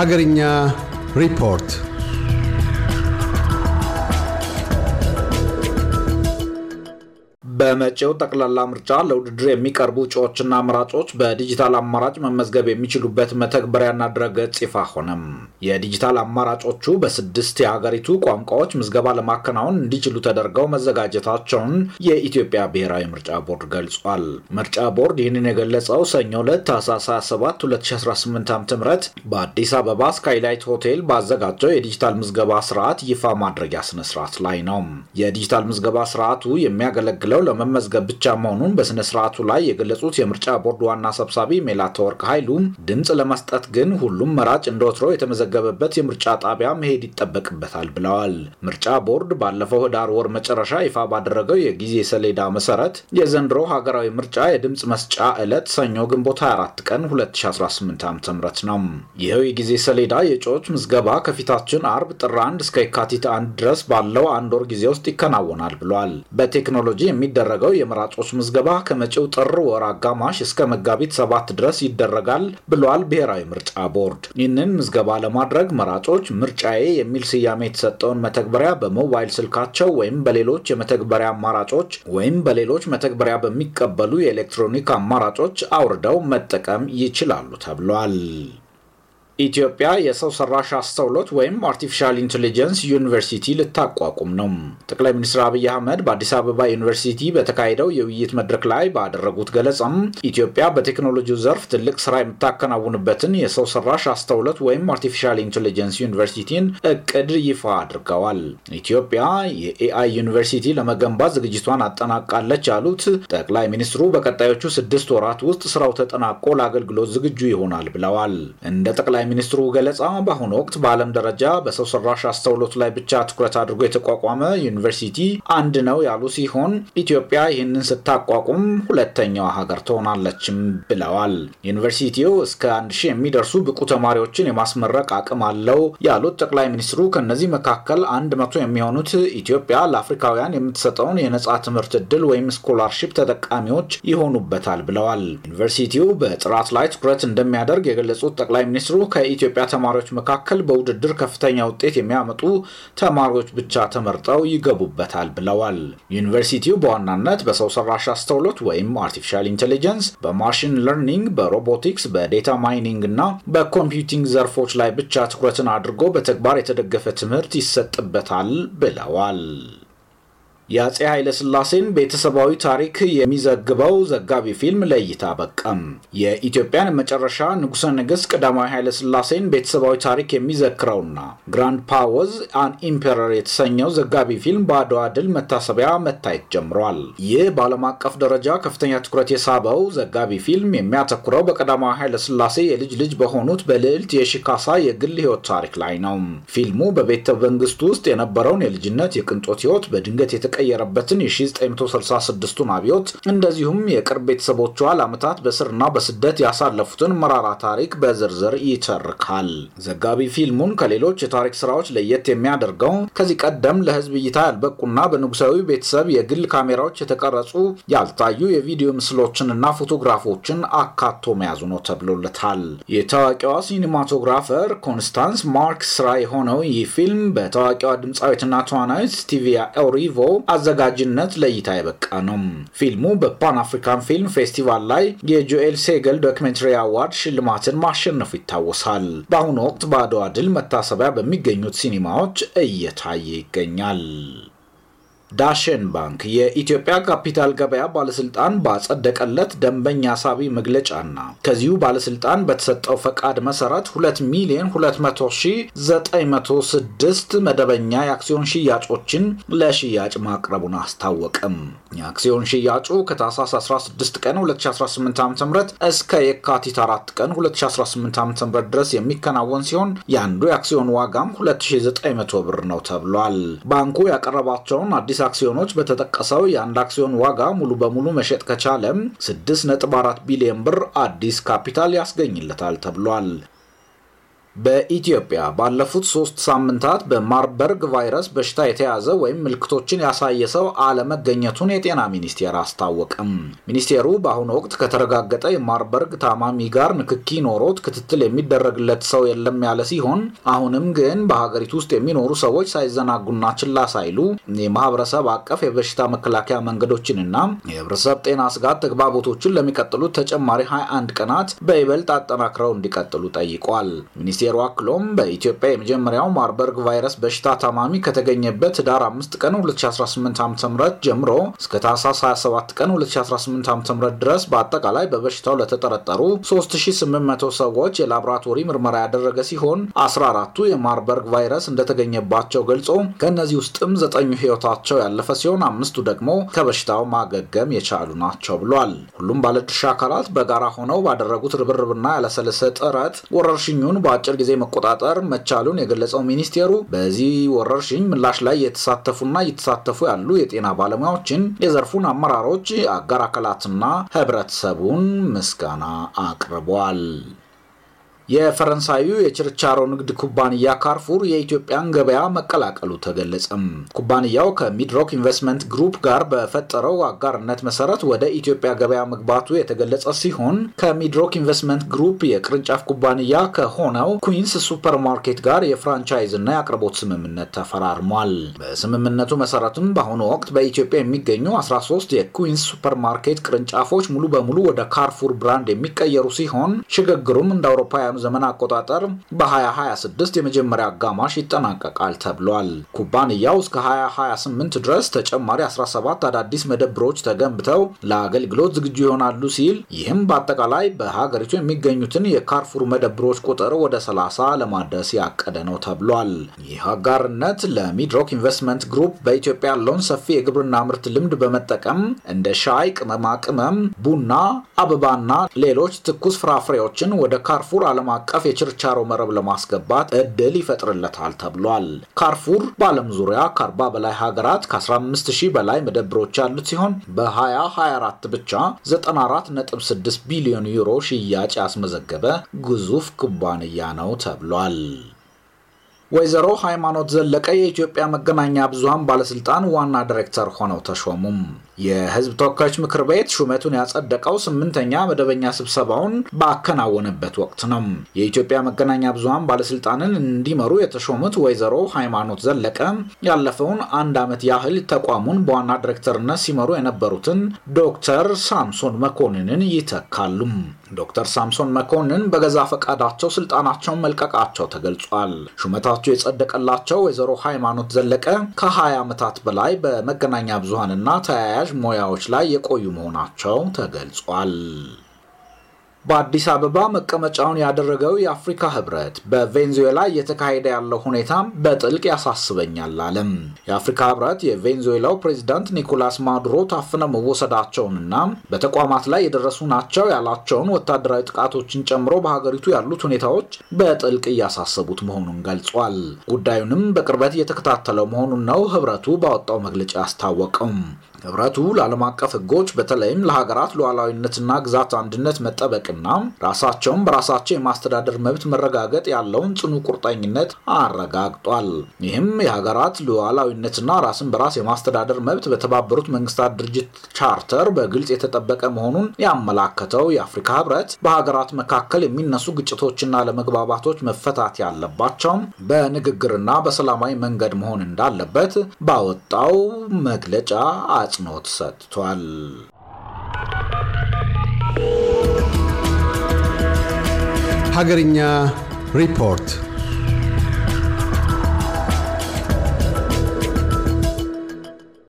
Hagerinya Report በመጪው ጠቅላላ ምርጫ ለውድድር የሚቀርቡ እጩዎችና መራጮች በዲጂታል አማራጭ መመዝገብ የሚችሉበት መተግበሪያና ድረገጽ ይፋ ሆነም። የዲጂታል አማራጮቹ በስድስት የሀገሪቱ ቋንቋዎች ምዝገባ ለማከናወን እንዲችሉ ተደርገው መዘጋጀታቸውን የኢትዮጵያ ብሔራዊ ምርጫ ቦርድ ገልጿል። ምርጫ ቦርድ ይህንን የገለጸው ሰኞ ዕለት ታህሳስ 27 2018 ዓ.ም በአዲስ አበባ ስካይላይት ሆቴል ባዘጋጀው የዲጂታል ምዝገባ ስርዓት ይፋ ማድረጊያ ስነስርዓት ላይ ነው። የዲጂታል ምዝገባ ስርዓቱ የሚያገለግለው ለመመዝገብ ብቻ መሆኑን በስነ ስርዓቱ ላይ የገለጹት የምርጫ ቦርድ ዋና ሰብሳቢ ሜላተወርቅ ኃይሉ ድምፅ ለመስጠት ግን ሁሉም መራጭ እንደ ወትሮ የተመዘገበበት የምርጫ ጣቢያ መሄድ ይጠበቅበታል ብለዋል። ምርጫ ቦርድ ባለፈው ህዳር ወር መጨረሻ ይፋ ባደረገው የጊዜ ሰሌዳ መሰረት የዘንድሮ ሀገራዊ ምርጫ የድምፅ መስጫ ዕለት ሰኞ ግንቦት 24 ቀን 2018 ዓ ም ነው። ይኸው የጊዜ ሰሌዳ የእጩዎች ምዝገባ ከፊታችን አርብ ጥር 1 እስከ የካቲት አንድ ድረስ ባለው አንድ ወር ጊዜ ውስጥ ይከናወናል ብሏል። በቴክኖሎጂ የሚደ የሚደረገው የመራጮች ምዝገባ ከመጪው ጥር ወር አጋማሽ እስከ መጋቢት ሰባት ድረስ ይደረጋል ብሏል ብሔራዊ ምርጫ ቦርድ። ይህንን ምዝገባ ለማድረግ መራጮች ምርጫዬ የሚል ስያሜ የተሰጠውን መተግበሪያ በሞባይል ስልካቸው ወይም በሌሎች የመተግበሪያ አማራጮች ወይም በሌሎች መተግበሪያ በሚቀበሉ የኤሌክትሮኒክ አማራጮች አውርደው መጠቀም ይችላሉ ተብሏል። ኢትዮጵያ የሰው ሰራሽ አስተውሎት ወይም አርቲፊሻል ኢንቴሊጀንስ ዩኒቨርሲቲ ልታቋቁም ነው። ጠቅላይ ሚኒስትር አብይ አህመድ በአዲስ አበባ ዩኒቨርሲቲ በተካሄደው የውይይት መድረክ ላይ ባደረጉት ገለጻም ኢትዮጵያ በቴክኖሎጂው ዘርፍ ትልቅ ስራ የምታከናውንበትን የሰው ሰራሽ አስተውሎት ወይም አርቲፊሻል ኢንቴሊጀንስ ዩኒቨርሲቲን እቅድ ይፋ አድርገዋል። ኢትዮጵያ የኤአይ ዩኒቨርሲቲ ለመገንባት ዝግጅቷን አጠናቃለች ያሉት ጠቅላይ ሚኒስትሩ በቀጣዮቹ ስድስት ወራት ውስጥ ስራው ተጠናቆ ለአገልግሎት ዝግጁ ይሆናል ብለዋል። እንደ ጠቅላይ ሚኒስትሩ ገለጻ በአሁኑ ወቅት በዓለም ደረጃ በሰው ሰራሽ አስተውሎት ላይ ብቻ ትኩረት አድርጎ የተቋቋመ ዩኒቨርሲቲ አንድ ነው ያሉ ሲሆን ኢትዮጵያ ይህንን ስታቋቁም ሁለተኛዋ ሀገር ትሆናለችም ብለዋል። ዩኒቨርሲቲው እስከ አንድ ሺህ የሚደርሱ ብቁ ተማሪዎችን የማስመረቅ አቅም አለው ያሉት ጠቅላይ ሚኒስትሩ ከእነዚህ መካከል አንድ መቶ የሚሆኑት ኢትዮጵያ ለአፍሪካውያን የምትሰጠውን የነጻ ትምህርት እድል ወይም ስኮላርሺፕ ተጠቃሚዎች ይሆኑበታል ብለዋል። ዩኒቨርሲቲው በጥራት ላይ ትኩረት እንደሚያደርግ የገለጹት ጠቅላይ ሚኒስትሩ ከኢትዮጵያ ተማሪዎች መካከል በውድድር ከፍተኛ ውጤት የሚያመጡ ተማሪዎች ብቻ ተመርጠው ይገቡበታል ብለዋል። ዩኒቨርሲቲው በዋናነት በሰው ሰራሽ አስተውሎት ወይም አርቲፊሻል ኢንቴሊጀንስ፣ በማሽን ለርኒንግ፣ በሮቦቲክስ፣ በዴታ ማይኒንግ እና በኮምፒውቲንግ ዘርፎች ላይ ብቻ ትኩረትን አድርጎ በተግባር የተደገፈ ትምህርት ይሰጥበታል ብለዋል። የአጼ ስላሴን ቤተሰባዊ ታሪክ የሚዘግበው ዘጋቢ ፊልም ለእይታ በቀም። የኢትዮጵያን መጨረሻ ንጉሠ ነገሥት ቀዳማዊ ኃይለ ስላሴን ቤተሰባዊ ታሪክ የሚዘክረውና ግራንድ ፓወዝ አን ኢምፔረር የተሰኘው ዘጋቢ ፊልም በአድዋ ድል መታሰቢያ መታየት ጀምሯል። ይህ በዓለም አቀፍ ደረጃ ከፍተኛ ትኩረት የሳበው ዘጋቢ ፊልም የሚያተኩረው በቀዳማዊ ስላሴ የልጅ ልጅ በሆኑት በልዕልት የሺካሳ የግል ህይወት ታሪክ ላይ ነው። ፊልሙ በቤተ መንግስት ውስጥ የነበረውን የልጅነት የቅንጦት ህይወት በድንገት የተቀ የተቀየረበትን የ1966ቱን አብዮት እንደዚሁም የቅርብ ቤተሰቦቿ ለዓመታት በስርና በስደት ያሳለፉትን መራራ ታሪክ በዝርዝር ይተርካል። ዘጋቢ ፊልሙን ከሌሎች የታሪክ ስራዎች ለየት የሚያደርገው ከዚህ ቀደም ለህዝብ እይታ ያልበቁና በንጉሳዊ ቤተሰብ የግል ካሜራዎች የተቀረጹ ያልታዩ የቪዲዮ ምስሎችንና ፎቶግራፎችን አካቶ መያዙ ነው ተብሎለታል። የታዋቂዋ ሲኒማቶግራፈር ኮንስታንስ ማርክ ስራ የሆነው ይህ ፊልም በታዋቂዋ ድምፃዊትና ተዋናዊት ስቲቪያ ኤውሪቮ አዘጋጅነት ለእይታ የበቃ ነው። ፊልሙ በፓን አፍሪካን ፊልም ፌስቲቫል ላይ የጆኤል ሴገል ዶክመንትሪ አዋርድ ሽልማትን ማሸነፉ ይታወሳል። በአሁኑ ወቅት በአድዋ ድል መታሰቢያ በሚገኙት ሲኒማዎች እየታየ ይገኛል። ዳሽን ባንክ የኢትዮጵያ ካፒታል ገበያ ባለስልጣን ባጸደቀለት ደንበኛ ሳቢ መግለጫና ከዚሁ ባለስልጣን በተሰጠው ፈቃድ መሰረት 2 ሚሊዮን 200,906 መደበኛ የአክሲዮን ሽያጮችን ለሽያጭ ማቅረቡን አስታወቅም። የአክሲዮን ሽያጩ ከታህሳስ 16 ቀን 2018 ዓ ም እስከ የካቲት 4 ቀን 2018 ዓ ም ድረስ የሚከናወን ሲሆን የአንዱ የአክሲዮን ዋጋም 2900 ብር ነው ተብሏል። ባንኩ ያቀረባቸውን አዲስ አዳዲስ አክሲዮኖች በተጠቀሰው የአንድ አክሲዮን ዋጋ ሙሉ በሙሉ መሸጥ ከቻለም 6.4 ቢሊዮን ብር አዲስ ካፒታል ያስገኝለታል ተብሏል። በኢትዮጵያ ባለፉት ሶስት ሳምንታት በማርበርግ ቫይረስ በሽታ የተያዘ ወይም ምልክቶችን ያሳየ ሰው አለመገኘቱን የጤና ሚኒስቴር አስታወቅም። ሚኒስቴሩ በአሁኑ ወቅት ከተረጋገጠ የማርበርግ ታማሚ ጋር ንክኪ ኖሮት ክትትል የሚደረግለት ሰው የለም ያለ ሲሆን አሁንም ግን በሀገሪቱ ውስጥ የሚኖሩ ሰዎች ሳይዘናጉና ችላ ሳይሉ የማህበረሰብ አቀፍ የበሽታ መከላከያ መንገዶችንና የህብረተሰብ ጤና ስጋት ተግባቦቶችን ለሚቀጥሉት ተጨማሪ 21 ቀናት በይበልጥ አጠናክረው እንዲቀጥሉ ጠይቋል። ሚኒስቴሩ አክሎም በኢትዮጵያ የመጀመሪያው ማርበርግ ቫይረስ በሽታ ታማሚ ከተገኘበት ዳር 5 ቀን 2018 ዓ ም ጀምሮ እስከ ታህሳስ 27 ቀን 2018 ዓ ም ድረስ በአጠቃላይ በበሽታው ለተጠረጠሩ 3800 ሰዎች የላቦራቶሪ ምርመራ ያደረገ ሲሆን 14ቱ የማርበርግ ቫይረስ እንደተገኘባቸው ገልጾ ከእነዚህ ውስጥም ዘጠኙ ህይወታቸው ያለፈ ሲሆን አምስቱ ደግሞ ከበሽታው ማገገም የቻሉ ናቸው ብሏል። ሁሉም ባለድርሻ አካላት በጋራ ሆነው ባደረጉት ርብርብና ያለሰለሰ ጥረት ወረርሽኙን በአጭ በአጭር ጊዜ መቆጣጠር መቻሉን የገለጸው ሚኒስቴሩ በዚህ ወረርሽኝ ምላሽ ላይ የተሳተፉና እየተሳተፉ ያሉ የጤና ባለሙያዎችን፣ የዘርፉን አመራሮች፣ አጋር አካላትና ህብረተሰቡን ምስጋና አቅርቧል። የፈረንሳዩ የችርቻሮ ንግድ ኩባንያ ካርፉር የኢትዮጵያን ገበያ መቀላቀሉ ተገለጸም። ኩባንያው ከሚድሮክ ኢንቨስትመንት ግሩፕ ጋር በፈጠረው አጋርነት መሰረት ወደ ኢትዮጵያ ገበያ መግባቱ የተገለጸ ሲሆን ከሚድሮክ ኢንቨስትመንት ግሩፕ የቅርንጫፍ ኩባንያ ከሆነው ኩዊንስ ሱፐርማርኬት ጋር የፍራንቻይዝና የአቅርቦት ስምምነት ተፈራርሟል። በስምምነቱ መሰረትም በአሁኑ ወቅት በኢትዮጵያ የሚገኙ 13 የኩዊንስ ሱፐርማርኬት ቅርንጫፎች ሙሉ በሙሉ ወደ ካርፉር ብራንድ የሚቀየሩ ሲሆን ሽግግሩም እንደ አውሮፓውያኑ ዘመን አቆጣጠር በ2026 የመጀመሪያ አጋማሽ ይጠናቀቃል ተብሏል። ኩባንያው እስከ 2028 ድረስ ተጨማሪ 17 አዳዲስ መደብሮች ተገንብተው ለአገልግሎት ዝግጁ ይሆናሉ ሲል ይህም በአጠቃላይ በሀገሪቱ የሚገኙትን የካርፉር መደብሮች ቁጥር ወደ 30 ለማድረስ ያቀደ ነው ተብሏል። ይህ አጋርነት ለሚድሮክ ኢንቨስትመንት ግሩፕ በኢትዮጵያ ያለውን ሰፊ የግብርና ምርት ልምድ በመጠቀም እንደ ሻይ፣ ቅመማ ቅመም፣ ቡና፣ አበባና ሌሎች ትኩስ ፍራፍሬዎችን ወደ ካርፉር ዓለም አቀፍ የችርቻሮ መረብ ለማስገባት እድል ይፈጥርለታል ተብሏል። ካርፉር በዓለም ዙሪያ ከ40 በላይ ሀገራት ከ15000 በላይ መደብሮች ያሉት ሲሆን በ2024 ብቻ 94.6 ቢሊዮን ዩሮ ሽያጭ ያስመዘገበ ግዙፍ ኩባንያ ነው ተብሏል። ወይዘሮ ሃይማኖት ዘለቀ የኢትዮጵያ መገናኛ ብዙሃን ባለስልጣን ዋና ዲሬክተር ሆነው ተሾሙም። የህዝብ ተወካዮች ምክር ቤት ሹመቱን ያጸደቀው ስምንተኛ መደበኛ ስብሰባውን ባከናወነበት ወቅት ነው። የኢትዮጵያ መገናኛ ብዙሃን ባለስልጣንን እንዲመሩ የተሾሙት ወይዘሮ ሃይማኖት ዘለቀ ያለፈውን አንድ ዓመት ያህል ተቋሙን በዋና ዲሬክተርነት ሲመሩ የነበሩትን ዶክተር ሳምሶን መኮንንን ይተካሉ። ዶክተር ሳምሶን መኮንን በገዛ ፈቃዳቸው ስልጣናቸውን መልቀቃቸው ተገልጿል። ሹመታ ክሳቸው የጸደቀላቸው ወይዘሮ ሃይማኖት ዘለቀ ከ20 ዓመታት በላይ በመገናኛ ብዙሀንና ተያያዥ ሙያዎች ላይ የቆዩ መሆናቸው ተገልጿል። በአዲስ አበባ መቀመጫውን ያደረገው የአፍሪካ ህብረት በቬንዙዌላ እየተካሄደ ያለው ሁኔታ በጥልቅ ያሳስበኛል አለም። የአፍሪካ ህብረት የቬንዙዌላው ፕሬዚዳንት ኒኮላስ ማዱሮ ታፍነው መወሰዳቸውንና በተቋማት ላይ የደረሱ ናቸው ያላቸውን ወታደራዊ ጥቃቶችን ጨምሮ በሀገሪቱ ያሉት ሁኔታዎች በጥልቅ እያሳሰቡት መሆኑን ገልጿል። ጉዳዩንም በቅርበት እየተከታተለው መሆኑን ነው ህብረቱ ባወጣው መግለጫ ያስታወቀው። ህብረቱ ለዓለም አቀፍ ህጎች በተለይም ለሀገራት ሉዓላዊነትና ግዛት አንድነት መጠበቅና ራሳቸውን በራሳቸው የማስተዳደር መብት መረጋገጥ ያለውን ጽኑ ቁርጠኝነት አረጋግጧል። ይህም የሀገራት ሉዓላዊነትና ራስን በራስ የማስተዳደር መብት በተባበሩት መንግስታት ድርጅት ቻርተር በግልጽ የተጠበቀ መሆኑን ያመላከተው የአፍሪካ ህብረት በሀገራት መካከል የሚነሱ ግጭቶችና ለመግባባቶች መፈታት ያለባቸው በንግግርና በሰላማዊ መንገድ መሆን እንዳለበት ባወጣው መግለጫ አጽንኦት ሰጥቷል። ሀገርኛ ሪፖርት